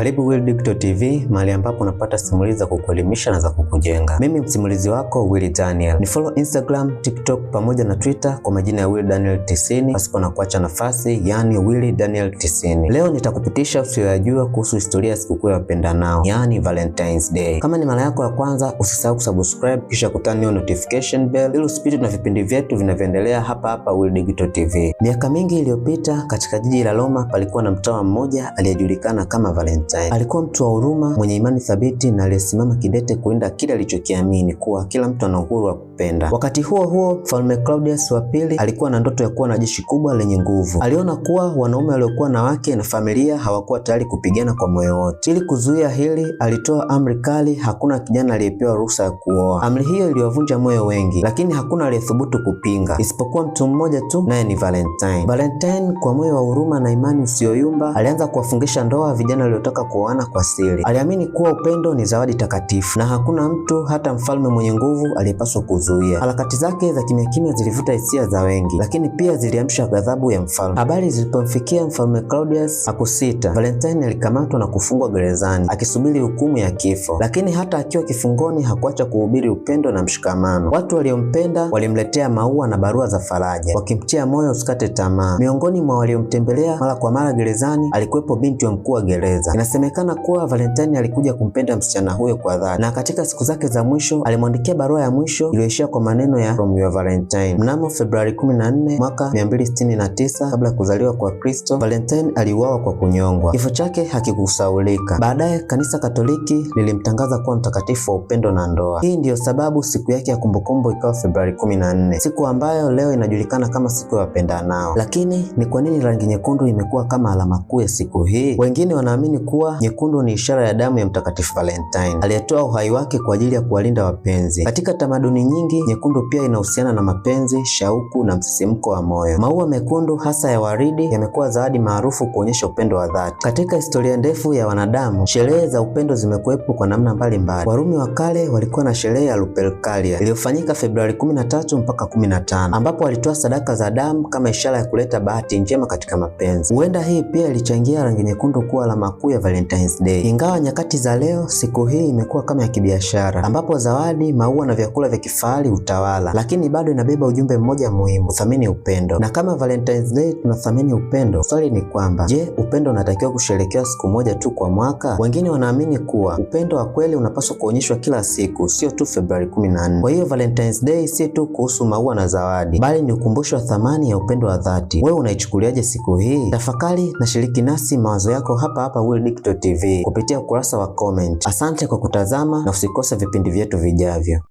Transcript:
Karibu Will Digital TV, mahali ambapo unapata simulizi za kukuelimisha na za kukujenga. Mimi msimulizi wako Will Daniel. Ni follow Instagram, TikTok pamoja na Twitter kwa majina ya Will Daniel 90 pasipo na kuacha nafasi, yani Will Daniel 90. Leo nitakupitisha usiyoyajua kuhusu historia ya sikukuu ya nao yani Valentine's Day. Kama ni mara yako ya kwanza, usisahau kusubscribe kisha kutani hiyo notification bell ili usipite na vipindi vyetu vinavyoendelea hapa hapa Will Digital TV. Miaka mingi iliyopita, katika jiji la Roma palikuwa na mtawa mmoja aliyejulikana kama Valentine upinzani. Alikuwa mtu wa huruma, mwenye imani thabiti na aliyesimama kidete kulinda kile alichokiamini kuwa kila mtu ana uhuru wa kupenda. Wakati huo huo, Mfalme Claudius wa pili alikuwa na ndoto ya kuwa na jeshi kubwa lenye nguvu. Aliona kuwa wanaume waliokuwa na wake na familia hawakuwa tayari kupigana kwa moyo wote. Ili kuzuia hili, alitoa amri kali, hakuna kijana aliyepewa ruhusa ya kuoa. Amri hiyo iliwavunja moyo wengi, lakini hakuna aliyethubutu kupinga, isipokuwa mtu mmoja tu, naye ni Valentine. Valentine, kwa moyo wa huruma na imani usiyoyumba, alianza kuwafungisha ndoa vijana waliotoka walitaka kuoana kwa siri. Aliamini kuwa upendo ni zawadi takatifu na hakuna mtu, hata mfalme mwenye nguvu, aliyepaswa kuzuia. Harakati zake za kimya kimya zilivuta hisia za wengi, lakini pia ziliamsha ghadhabu ya mfalme. Habari zilipomfikia mfalme Claudius hakusita. Valentine alikamatwa na kufungwa gerezani akisubiri hukumu ya kifo, lakini hata akiwa kifungoni hakuacha kuhubiri upendo na mshikamano. Watu waliompenda walimletea maua na barua za faraja, wakimtia moyo usikate tamaa. Miongoni mwa waliomtembelea mara kwa mara gerezani alikuwepo binti wa mkuu wa gereza. Inasemekana kuwa Valentine alikuja kumpenda msichana huyo kwa dhati, na katika siku zake za mwisho alimwandikia barua ya mwisho iliyoishia kwa maneno ya From your Valentine. Mnamo Februari 14 mwaka 269 kabla ya kuzaliwa kwa Kristo, Valentine aliuawa kwa kunyongwa. Kifo chake hakikusaulika. Baadaye kanisa Katoliki lilimtangaza kuwa mtakatifu wa upendo na ndoa. Hii ndiyo sababu siku yake ya kumbukumbu ikawa Februari 14, siku ambayo leo inajulikana kama siku ya wapendanao. Lakini ni kwa nini rangi nyekundu imekuwa kama alama kuu ya siku hii? Wengine wanaamini kuwa kuwa nyekundu ni ishara ya damu ya Mtakatifu Valentine aliyetoa uhai wake kwa ajili ya kuwalinda wapenzi. Katika tamaduni nyingi, nyekundu pia inahusiana na mapenzi, shauku na msisimko wa moyo. Maua mekundu hasa ya waridi yamekuwa zawadi maarufu kuonyesha upendo wa dhati. Katika historia ndefu ya wanadamu, sherehe za upendo zimekuwepo kwa namna mbalimbali. Warumi wa kale walikuwa na sherehe ya Lupercalia iliyofanyika Februari 13 mpaka 15, ambapo walitoa sadaka za damu kama ishara ya kuleta bahati njema katika mapenzi. Huenda hii pia ilichangia rangi nyekundu kuwa alama kuu ya Valentine's Day. Ingawa nyakati za leo, siku hii imekuwa kama ya kibiashara, ambapo zawadi, maua na vyakula vya kifahari hutawala, lakini bado inabeba ujumbe mmoja muhimu: uthamini upendo. Na kama Valentine's Day tunathamini upendo, swali ni kwamba, je, upendo unatakiwa kusherekewa siku moja tu kwa mwaka? Wengine wanaamini kuwa upendo wa kweli unapaswa kuonyeshwa kila siku, sio tu Februari 14. Kwa hiyo Valentine's Day si tu kuhusu maua na zawadi, bali ni ukumbusho wa thamani ya upendo wa dhati. Wewe unaichukuliaje siku hii? Tafakari na shiriki nasi mawazo yako hapa hapa Wildi Dikto TV kupitia ukurasa wa comment. Asante kwa kutazama na usikose vipindi vyetu vijavyo.